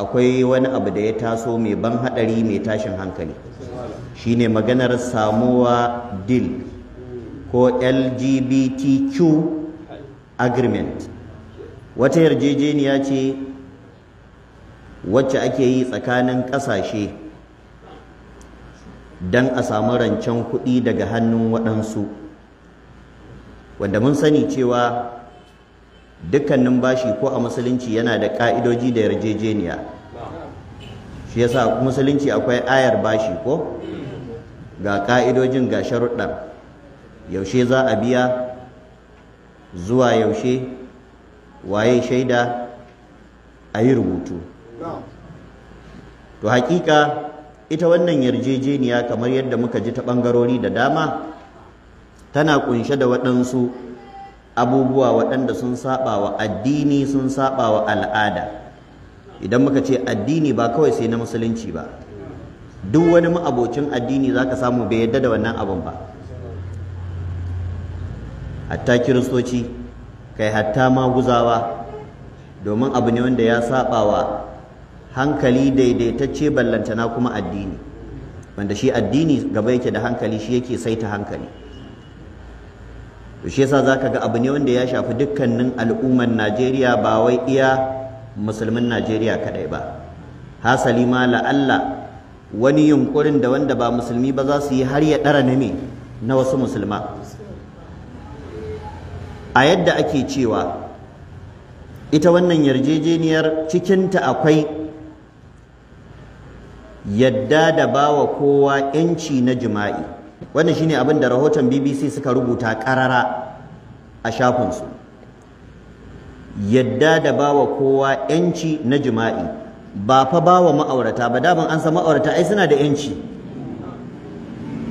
akwai wani abu da ya taso mai ban haɗari mai tashin hankali shine maganar samuwa dil ko lgbtq agreement wata yarjejeniya ce wacce ake yi tsakanin ƙasashe don a samu rancen kuɗi daga hannun waɗansu wanda mun sani cewa dukkanin bashi ko a musulunci yana da ka'idoji da yarjejeniya shi yasa musulunci akwai ayar bashi ko ga ka'idojin ga sharuɗar yaushe za a biya zuwa yaushe waye shaida a yi rubutu to hakika ita wannan yarjejeniya kamar yadda muka ji ta ɓangarori da dama tana kunshe da waɗansu abubuwa waɗanda sun saba wa addini sun saba wa al'ada idan muka ce addini ba kawai sai na musulunci ba duk wani ma'abocin addini za ka samu bai yadda da wannan abin ba hatta kiristoci kai hatta maguzawa domin abu ne wanda ya saba wa hankali daidaitacce ballantana kuma addini wanda shi addini gaba yake da hankali shi yake saita hankali to shi yasa zaka ga abu ne wanda ya shafi dukkanin al'umman Najeriya ba wai iya musulmin Najeriya kadai ba hasali ma la'alla wani yunkurin da wanda ba musulmi ba za su yi har ya ɗara ne na wasu musulma a yadda ake cewa ita wannan yarjejeniyar cikinta akwai yadda da bawa kowa 'yanci na jima'i wannan shine abin da rahoton BBC suka rubuta karara a shafinsu yadda da bawa kowa yanci na jima'i ba fa bawa ma'aurata ba daban an san ma'aurata ai suna da yanci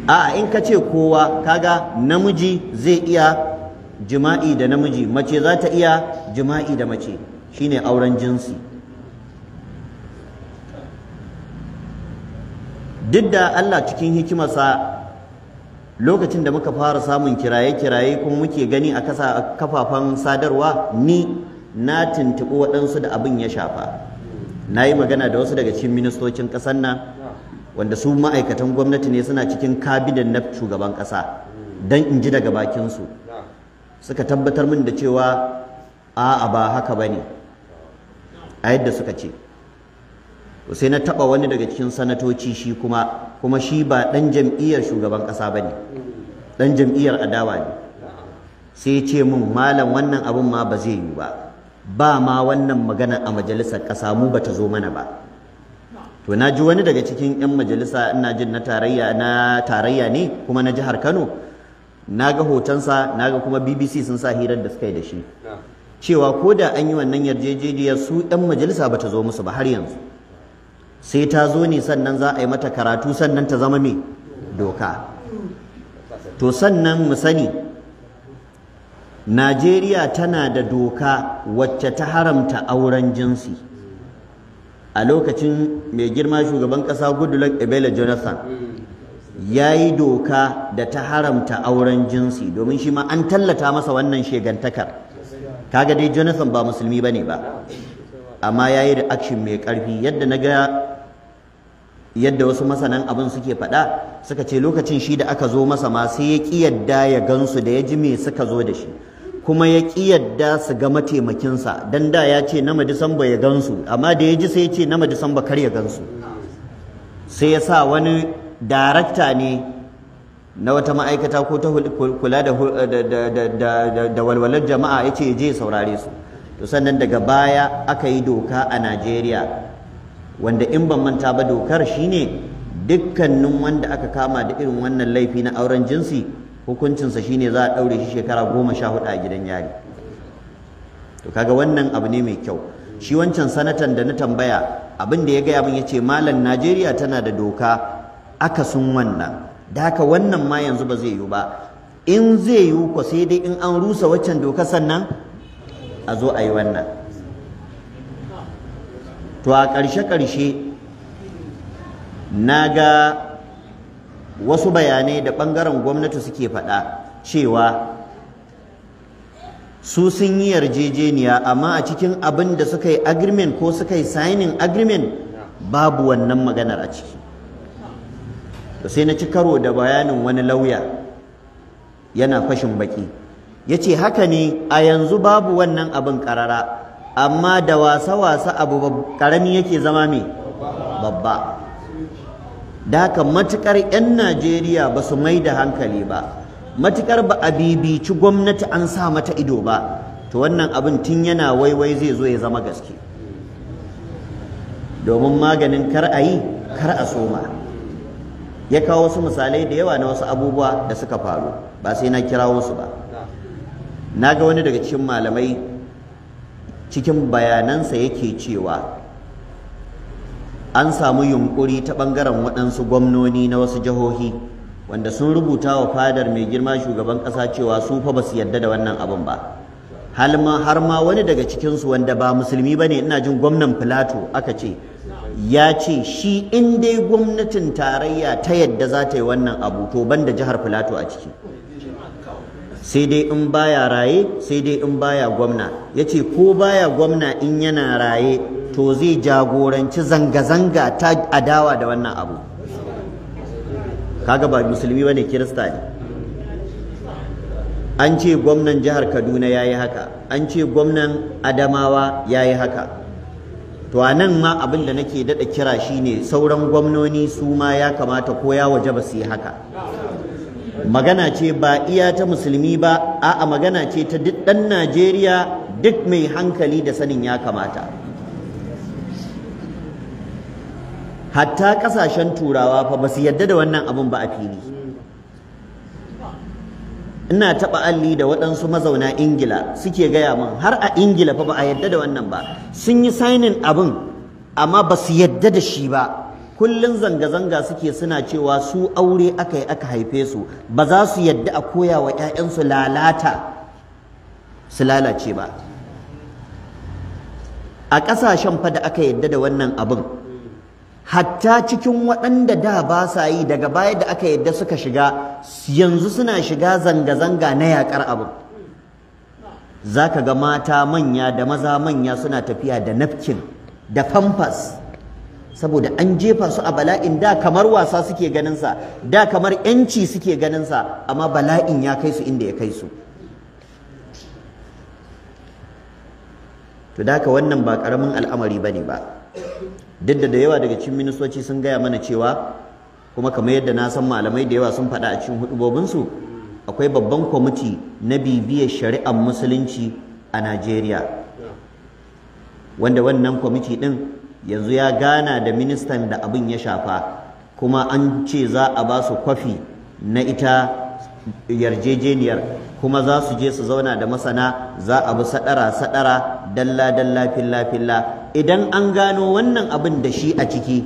a in ka ce kowa kaga namiji zai iya jima'i da namiji mace za ta iya jima'i da mace shine auren jinsi duk da Allah cikin hikimarsa lokacin da muka fara samun kiraye-kiraye kuma muke gani a kafafen sadarwa ni na tuntuɓi waɗansu da abin ya shafa na yi magana da wasu daga cikin ministocin ƙasar nan wanda su ma'aikatan gwamnati ne suna cikin kabidan na shugaban ƙasa don in ji daga bakinsu suka tabbatar min da cewa a'a ba haka ba ne a yadda suka ce sai na taba wani daga cikin sanatoci shi kuma kuma shi ba dan jam'iyyar shugaban kasa bane dan jam'iyyar adawa ne sai ya ce mun malam wannan abun ma ba zai yi ba ba ma wannan magana a majalisar kasa mu bata zo mana ba to na ji wani daga cikin yan majalisa ina jin na tarayya na tarayya ne kuma na jihar Kano na ga hotonsa na ga kuma BBC sun sa hirar da suka yi da shi cewa ko da an yi wannan yarjejeniyar su yan majalisa bata zo musu ba har yanzu sai ta zo ne sannan za a yi mata karatu sannan ta zama mai doka to sannan mu sani Najeriya tana da doka wacce ta haramta auren jinsi a lokacin mai girma shugaban ƙasa Goodluck Ebele Jonathan ya yi doka da ta haramta auren jinsi domin shi ma an tallata masa wannan shegantakar kaga dai Jonathan ba musulmi ne ba amma ya yi reaction mai karfi yadda na ga yadda wasu masanan abin suke faɗa suka ce lokacin shi da aka zo masa ma sai ya ƙi yadda ya gansu da ya ji me suka zo da shi kuma ya ƙi yadda su ga mataimakinsa don da ya ce nama disamba ya gansu amma da ya ji sai ya ce nama disamba kar ya gansu sai ya sa wani darakta ne na wata ma'aikata ko ta kula da walwalar jama'a ya ce ya je saurare su to sannan daga baya aka yi doka a najeriya wanda in ban manta ba dokar shine dukkanin wanda aka kama da irin wannan laifi na auren jinsi hukuncinsa shine za a ɗaure shi shekara goma sha hudu a gidan yari to kaga wannan abu ne mai kyau shi wancan sanatan da na tambaya abin da ya gaya min ce malam Najeriya tana da doka sun wannan da haka wannan ma yanzu ba zai yiwu ba in zai yiwu ko sai dai in an rusa waccan doka sannan a zo a yi wannan to a ƙarshe-ƙarshe na ga wasu bayanai da ɓangaren gwamnati suke faɗa cewa su sun yi yarjejeniya amma a cikin abin da suka yi agreement ko suka yi signing agreement babu wannan maganar a ciki to sai na ci karo da bayanin wani lauya yana fashin baki ya ce haka ne a yanzu babu wannan abin ƙarara amma da wasa-wasa abu karami yake zama mai babba da haka matukar 'yan najeriya ba su mai da hankali ba matukar ba a bibici gwamnati an sa mata ido ba to wannan abin tun yana waiwai zai zo ya zama gaske domin maganin kar a yi kar a soma ya kawo wasu misalai da yawa na wasu abubuwa da suka faru ba sai na kirawo su ba na ga wani daga cikin malamai cikin bayanansa yake cewa an samu yunkuri ta ɓangaren waɗansu gwamnoni na wasu jihohi wanda sun rubuta wa fadar mai girma shugaban ƙasa cewa su fa ba su yarda da wannan abin ba har ma wani daga cikinsu wanda ba musulmi ba ne ina jin gwamnan filato aka ce ya ce shi in dai gwamnatin tarayya ta yadda za ta yi wannan abu to ban da jihar filato a ciki sai dai in baya raye sai dai in baya gwamna Ya ce ko baya gwamna in yana raye to zai jagoranci zanga-zanga ta adawa da wannan abu kaga ba musulmi bane kirista ne an ce gwamnan jihar Kaduna yayi haka an ce gwamnan Adamawa yayi haka to a ma abin da nake dada kira shine sauran gwamnoni su ma ya kamata ko ya waje ba su yi haka magana ce ba iya ta musulmi ba a'a magana ce ta duk ɗan Najeriya duk mai hankali da sanin ya kamata hatta ƙasashen turawa fa ba su yadda da wannan abin ba a fili ina taɓa alli da waɗansu mazauna ingila suke gaya min har a ingila fa ba a yadda da wannan ba sun yi sainin abin amma ba su yadda da shi ba kullun zanga-zanga suke suna cewa su aure aka yi aka haife su ba za su yadda a koya wa 'ya'yansu lalata su lalace ba a ƙasashen fa da aka yadda da wannan abin hatta cikin waɗanda da ba sa yi daga baya da aka yadda suka shiga yanzu suna shiga zanga-zanga na yaƙar abin za ka ga mata manya da maza manya suna tafiya da nafkin da famfas saboda an jefa su a bala'in da kamar wasa suke ganinsa, da kamar yanci suke ganinsa, amma bala'in ya kai su inda ya kai su to daka wannan ba karamin al'amari ne ba duk da da yawa daga cikin ministoci sun gaya mana cewa kuma kamar yadda na san malamai da yawa sun faɗa a cikin hudubobinsu akwai babban kwamiti na bibiyar shari'ar musulunci a Najeriya wanda wannan kwamiti din. yanzu ya gana da ministan da abin ya shafa kuma an ce za a ba su kwafi na ita yarjejeniyar kuma za su je su zauna da masana za a bi sadara sadara dalla dalla filla filla idan an gano wannan abin da shi a ciki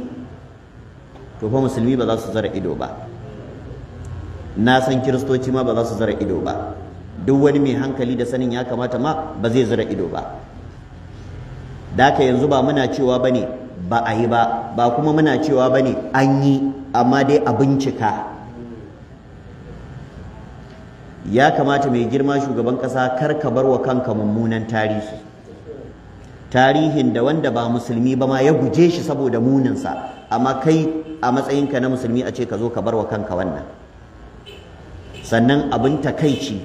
to fa musulmi ba za su zara ido ba na san kiristoci ma ba za su zara ido ba duk wani mai hankali da sanin ya kamata ma ba zai zira ido ba da ka yanzu ba muna cewa bane ba a yi ba ba kuma muna cewa bane an yi amma dai a bincika ya kamata mai girma shugaban kasa kar ka bar wa kanka mummunan tarihi tarihin da wanda ba musulmi ba ma ya guje shi saboda muninsa amma kai a matsayinka na musulmi a ce ka zo ka bar wa kanka wannan sannan abin takaici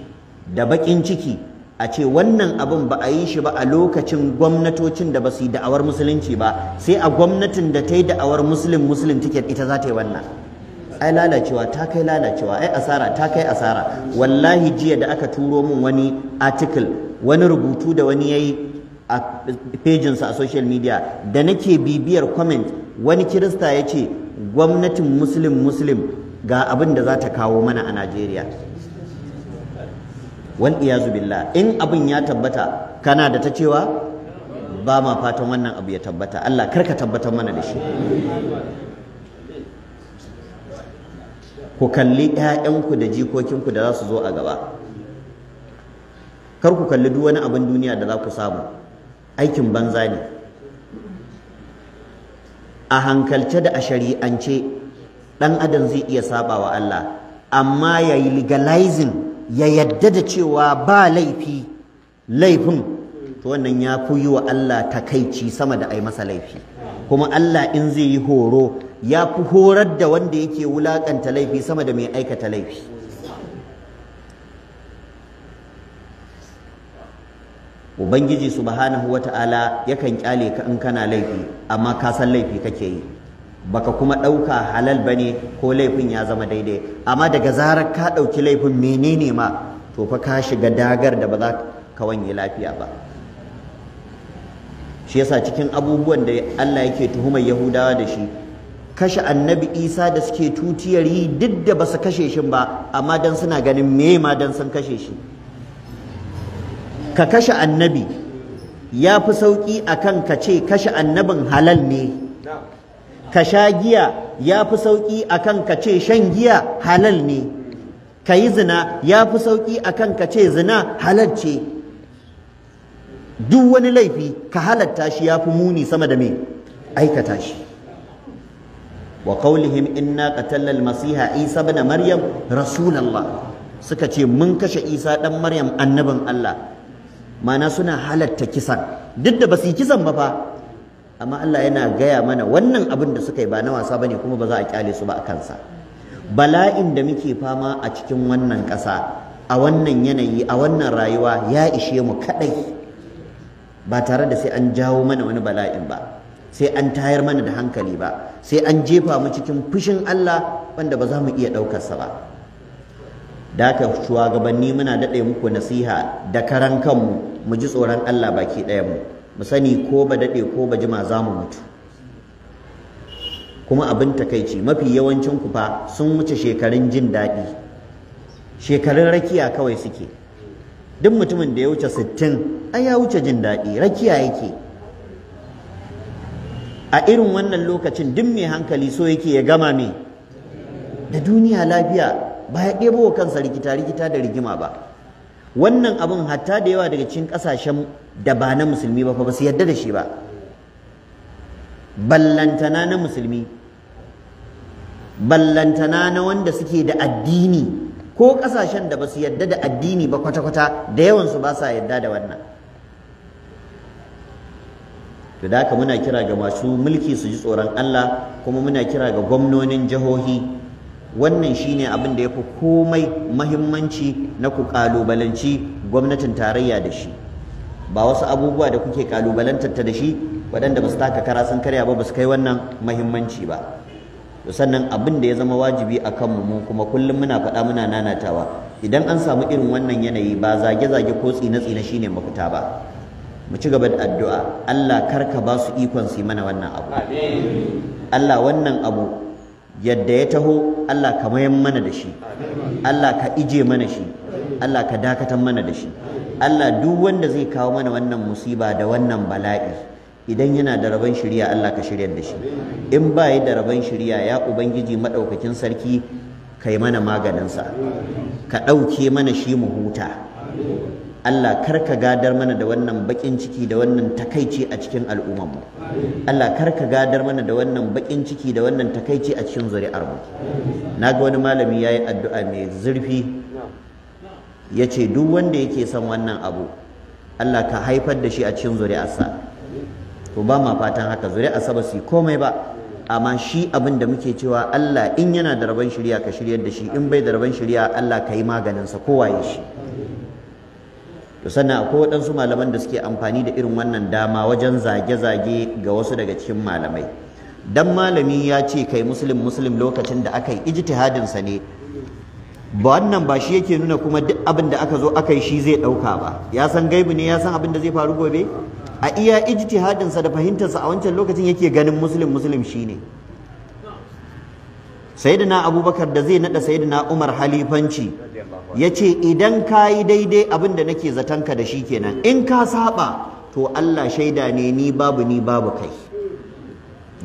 da baƙin ciki a ce wannan abin ba a yi shi ba a lokacin gwamnatocin da ba su yi da'awar musulunci ba sai a gwamnatin da ta yi da'awar musulun musulun tiket ita za ta yi wannan ai lalacewa ta kai lalacewa ai asara ta kai asara wallahi jiya da aka turo min wani article wani rubutu da wani ya yi a pejinsa a social media da nake bibiyar comment wani kirista ya ce gwamnatin musulun musulun ga abin da za ta kawo mana a Najeriya wal iyazu billah in abin ya tabbata kana da ta cewa ba ma fatan wannan abu ya tabbata Allah karka tabbatar mana da shi ku kalli 'ya'yanku da jikokinku da za su zo a gaba kar ku kalli duk wani abin duniya da za ku samu aikin banza ne a hankalce da a shari'ance ɗan adam zai iya sabawa Allah amma ya yi legalizing ya yadda da cewa ba laifi laifin to wannan ya fi yi wa Allah takaici sama da ai masa laifi kuma Allah in zai yi horo ya fi horar da wanda yake wulakanta laifi sama da mai aikata laifi ubangiji subhanahu wata'ala yakan kyale ka in kana laifi amma ka san laifi kake yi baka kuma ɗauka halal bane ko laifin ya zama daidai amma daga zarar ka ɗauki laifin menene ma to fa ka shiga dagar da ba za ka wanye lafiya ba shi yasa cikin abubuwan da Allah yake tuhumar Yahudawa da shi kashe annabi Isa da suke tutiyar yi duk da ba su kashe shi ba amma dan suna ganin me ma dan sun kashe shi ka kashe annabi ya fi sauƙi akan ka ce kashe annabin halal ne ka sha giya ya fi sauƙi kan ka ce shan giya halal ne ka yi zina ya fi sauƙi kan ka ce zina halal ce duk wani laifi ka halatta shi ya fi muni sama da mai aikata shi wa qawlihim inna qatalna al-masiha isa ibn maryam rasulullah suka ce mun kashe isa dan maryam annabin allah mana suna halatta kisan duk da basu yi kisan ba fa amma Allah yana gaya mana wannan abin da suka yi ba na wasa bane kuma ba za a kyale su ba a kansa bala'in da muke fama a cikin wannan ƙasa a wannan yanayi a wannan rayuwa ya ishe mu kadai ba tare da sai an jawo mana wani bala'in ba sai an tayar mana da hankali ba sai an jefa mu cikin fushin Allah wanda ba za mu iya ɗaukarsa ba da haka shugabanni muna daɗe muku nasiha da karan kanmu mu ji tsoron Allah baki ɗayan mu mu sani ko ba daɗe ko ba jima za mu mutu kuma abin takaici mafi yawancin ku fa sun wuce shekarun jin daɗi shekarun rakiya kawai suke duk mutumin da ya wuce sittin ai ya wuce jin daɗi rakiya yake a irin wannan lokacin duk mai hankali so yake ya gama me da duniya lafiya ba ya ɗebo kansa rikita rikita da rigima ba wannan abun hatta da yawa daga cikin kasashen da ba na musulmi ba fa ba su yarda da shi ba ballantana na musulmi ballantana na wanda suke da addini ko kasashen da ba su yarda da addini ba kwata-kwata da yawansu ba sa yarda da wannan to da haka muna kira ga masu mulki su ji tsoron Allah kuma muna kira ga gwamnonin jihohi wannan shine abin da ya fi komai mahimmanci na ku kalubalanci gwamnatin tarayya da shi ba wasu abubuwa da kuke kalubalantar ta da shi waɗanda ba su taka kara sun karya ba ba su kai wannan mahimmanci ba to sannan abin da ya zama wajibi a kanmu mu kuma kullum muna faɗa muna nanatawa idan an samu irin wannan yanayi ba zage-zage ko tsina-tsina tsine shine mafita ba mu ci gaba da addu'a Allah karka ba su ikon su mana wannan abu Allah wannan abu yadda ya taho Allah ka mayan mana da shi Allah ka ije mana shi Allah ka dakatan mana da shi Allah duk wanda zai kawo mana wannan musiba da wannan bala'i idan yana da rabon shirya Allah ka shirya da shi in ba yi da rabon shirya ya ubangiji madaukakin sarki kai mana maganinsa ka ɗauke mana shi mu huta Allah karka gadar mana da wannan bakin ciki da wannan takaici a cikin al'ummar mu Allah karka gadar mana da wannan bakin ciki da wannan takaici a cikin zuri'ar mu naga wani malami yayi addu'a mai zurfi yace duk wanda yake son wannan abu Allah ka haifar da shi a cikin zuri'arsa to ba ma fatan haka zuri'arsa ba su komai ba amma shi abin da muke cewa Allah in yana da rabon shirya ka shiryar da shi in bai da rabon shiriya Allah ka yi maganin maganinsa ya shi to sannan akwai waɗansu malaman da suke amfani da irin wannan dama wajen zage-zage ga wasu daga cikin malamai dan malami ya ce kai muslim muslim lokacin da aka yi ijtihadin sa ne ba wannan ba shi yake nuna kuma duk abin da aka zo aka yi shi zai ɗauka ba ya san gaibu ne ya san abin da zai faru gobe a iya ijtihadin sa da fahimtar sa a wancan lokacin yake ganin muslim muslim shine ne sayyidina abubakar da zai nada sayyidina umar halifanci yace idan kayi daidai abin da nake ka da shi kenan in ka saba to Allah shaida ne ni babu ni babu kai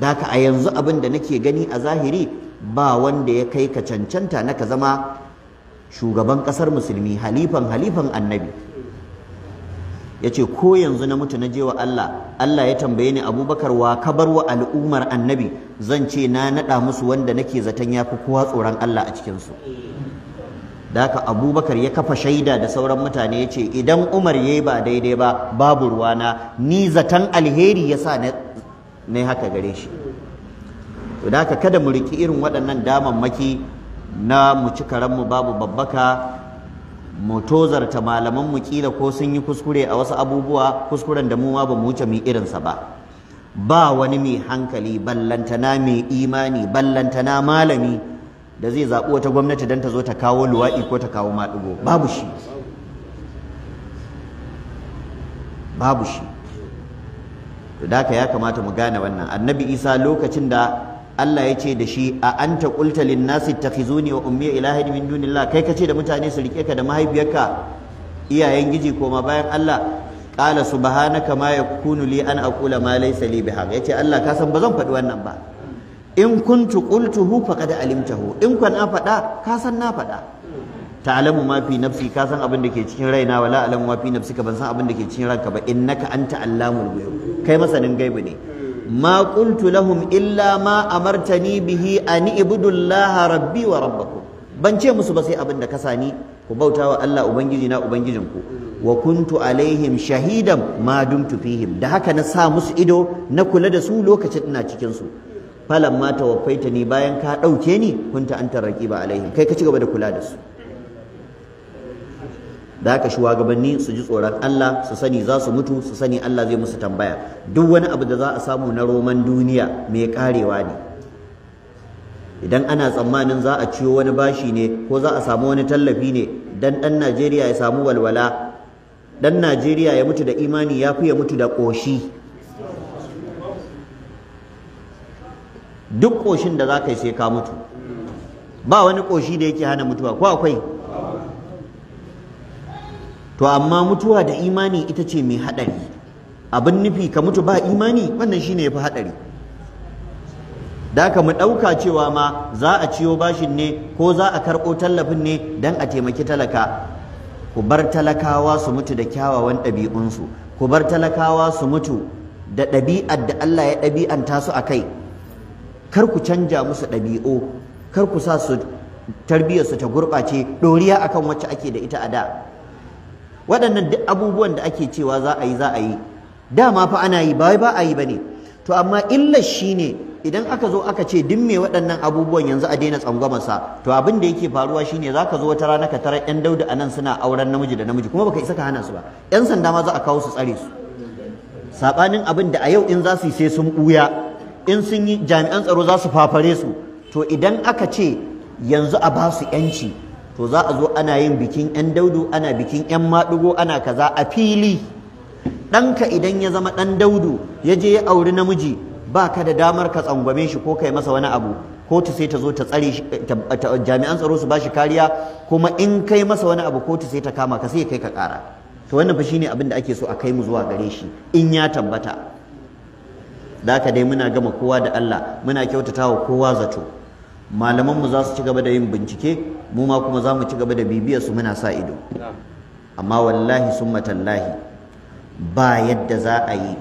daka a yanzu abin da nake gani a zahiri ba wanda ya kai ka cancanta na ka zama shugaban kasar musulmi halifan halifan annabi yace ko yanzu na mutu na je wa Allah Allah ya tambaye ni Abubakar wa kabar wa al'ummar annabi zan ce na nada musu wanda nake zaton yafi kowa tsoron Allah a cikin su haka Abubakar ya kafa shaida da sauran mutane yace idan Umar yayi ba daidai ba babu ruwana ni zaton alheri yasa na ne haka gare shi to daka kada mu riki irin waɗannan damammaki na mu ci karanmu babu babbaka mu tozarta malaman mu kila ko sun yi kuskure a wasu abubuwa kuskuren da mu ma ba mu wuce mu irinsa ba ba wani mai hankali ballantana mai imani ballantana malami da zai zaɓi wata gwamnati don ta zo ta kawo luwaɗi ko ta kawo maɗigo babu shi babu shi to da ya kamata mu gane wannan annabi isa lokacin da Allah ya ce da shi a anta qulta lin nasi takhizuni wa ummi ilahin min dunillah kai kace da mutane su rike ka da mahaifiyarka iyayen giji koma bayan Allah qala subhanaka ma yakunu li an aqula ma laysa li bihaq yace Allah ka san bazan faɗi wannan ba in kuntu qultuhu faqad alimtahu in kun na faɗa ka san na faɗa ta'lamu ma fi nafsi ka san abin da ke cikin raina wala alamu ma fi nafsika ban san abin da ke cikin ranka ba innaka anta allamul ghuyub kai masanin gaibi ne ma illa ma amartani bihi an ibudullaha rabbi wa rabbakum ban ce musu ba sai abin da ka sani ku bauta wa Allah ubangiji na ubangijinku wa kuntu alaihim shahidan ma dumtu da haka na sa musu ido na kula da su lokacin ina cikin su falamma tawaffaitani bayan ka ɗauke ni kunta anta raqiba alaihim kai ka ci da kula da su da haka shugabanni su ji tsoron Allah su sani za su mutu su sani Allah zai musu tambaya duk wani abu da za a samu na roman duniya mai karewa ne idan ana tsammanin za a ciyo wani bashi ne ko za a samu wani tallafi ne dan dan Najeriya ya samu walwala dan Najeriya ya mutu da imani ya fi ya mutu da koshi duk koshin da za ka yi sai ka mutu ba wani koshi da yake hana mutuwa ko akwai to amma mutuwa da imani ita ce mai haɗari abin nufi ka mutu ba imani wannan shi shine yafi haɗari da ka mu ɗauka cewa ma za a ciyo bashin ne ko za a karɓo tallafin ne don a taimaki talaka ku bar talakawa su mutu da kyawawan ɗabi'unsu ku bar talakawa su mutu da ɗabi'ar da Allah ya ɗabi'anta su a kai kar ku canja musu ɗabi'u kar ku sa su tarbiyyarsu ta gurɓace ɗoriya akan wacce ake da ita a da waɗannan duk abubuwan da ake cewa za a yi za a yi dama fa ana yi ba ba a yi ba ne. to amma illar ne idan aka zo aka ce duk me waɗannan abubuwan yanzu a daina tsangwamasa to abin da yake faruwa shi ne za ka zo wata rana ka tara 'yan daudu nan suna auren namiji da namiji kuma baka isa ka hana su ba Yan sanda ma za a kawo su tsare su saɓanin abin da a yau in za su yi sai sun ɓuya. in sun yi jami'an tsaro za su fafare su to idan aka ce yanzu a ba su ƴanci to za a zo ana yin bikin 'yan daudu ana bikin 'yan maɗugo ana kaza a fili ɗanka idan ya zama ɗan daudu ya je ya auri namiji ba ka da damar ka tsangwame shi ko kai masa wani abu kotu sai ta zo ta tsare jami'an tsaro su ba shi kariya kuma in kai masa wani abu kotu sai ta kama ka sai kai ka kara. to wannan fa shine abin da ake so a kai mu zuwa gare shi in ya tabbata da haka dai muna gama kowa da Allah muna kyautatawa kowa zato malaman mu za su ci gaba da yin bincike mu ma kuma za mu ci gaba da bibiya su muna sa ido amma wallahi sun tallahi ba yadda za a yi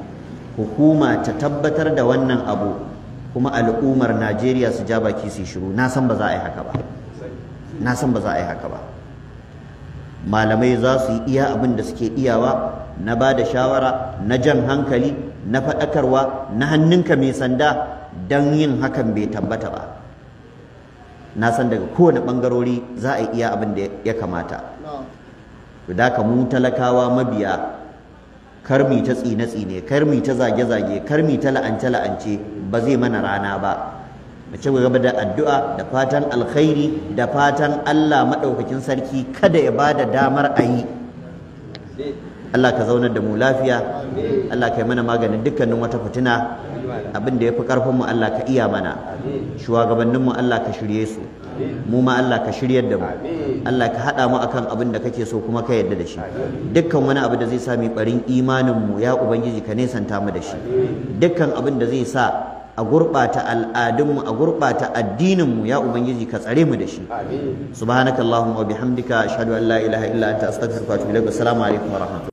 hukuma ta tabbatar da wannan abu kuma al'ummar Najeriya su ja baki su shiru na san ba za a yi haka ba na san ba za a yi haka ba malamai za su yi iya abin da suke iyawa na ba da shawara na jan hankali na faɗakarwa na hannunka mai sanda don yin hakan bai tabbata ba na san daga kowane bangarori za a iya abin da ya kamata to da ka mu talakawa mabiya karmi ta tsine tsine karmi ta zage zage karmi ta la'ance la'ance ba zai mana rana ba mu ci gaba da addu'a da fatan alkhairi da fatan Allah madaukakin sarki kada ya ba da damar a yi Allah ka zaunar da mu lafiya Allah ka yi mana maganin dukkanin wata fitina abin da ya fi karfin mu Allah ka iya mana shugabannin Allah ka shirye su mu ma Allah ka shiryar da mu Allah ka haɗa mu akan abin da kake so kuma ka yarda da shi dukkan wani abu da zai sa mu ɓarin imanin mu ya ubangiji ka nesanta mu da shi dukkan abin da zai sa a gurɓata al'adunmu a gurɓata addininmu ya ubangiji ka tsare mu da shi subhanakallahumma wa bihamdika ashhadu an la ilaha illa anta astaghfiruka wa atubu ilaik assalamu alaikum wa rahmatullahi